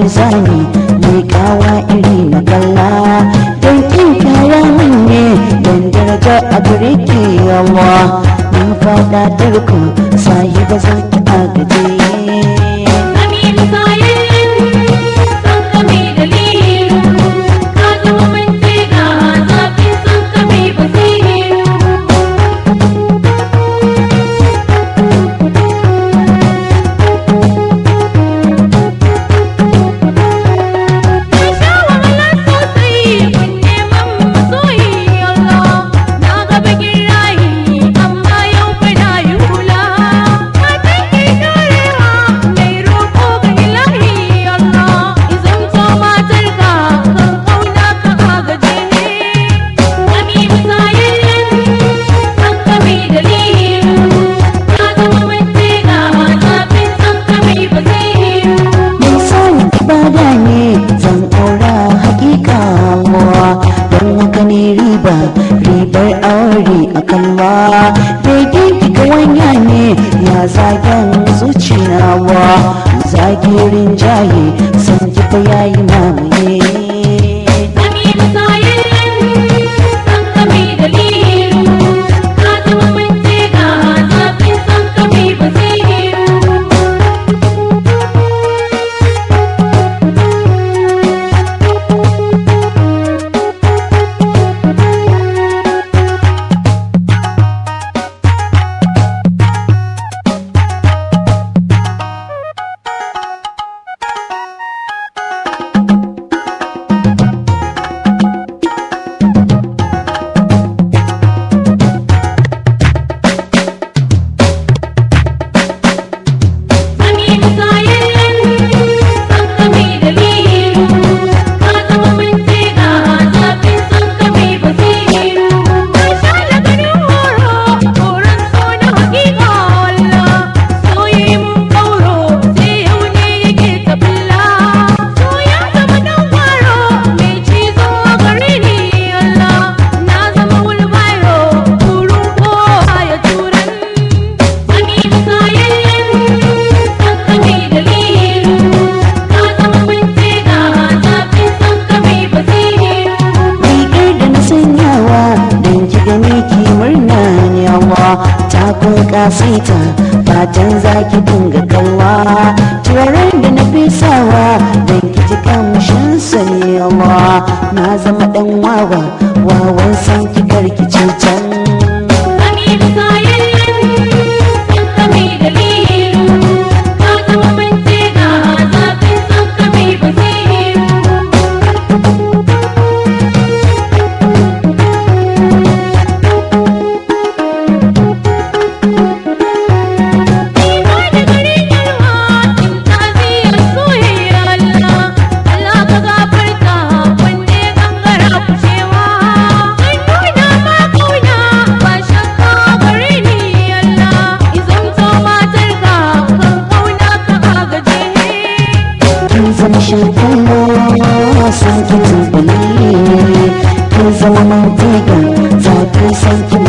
kamar zani mai kawa iri na kalla don kin kaya ne don daraja a gare ke yawa mun fada tarko sahiba zan a gaje bari a kalla daidai daga wanya ne ya zagen zuciyawa zagirin jaye san kifa yayi ki murna yawa ta kun kasaita fatan za ki dinga kawa turaren da na fesawa don ki ji kamshin sanyawa na zama dan wawa wawan san ki karki cutar shakana san ki tubali kin zama mantega za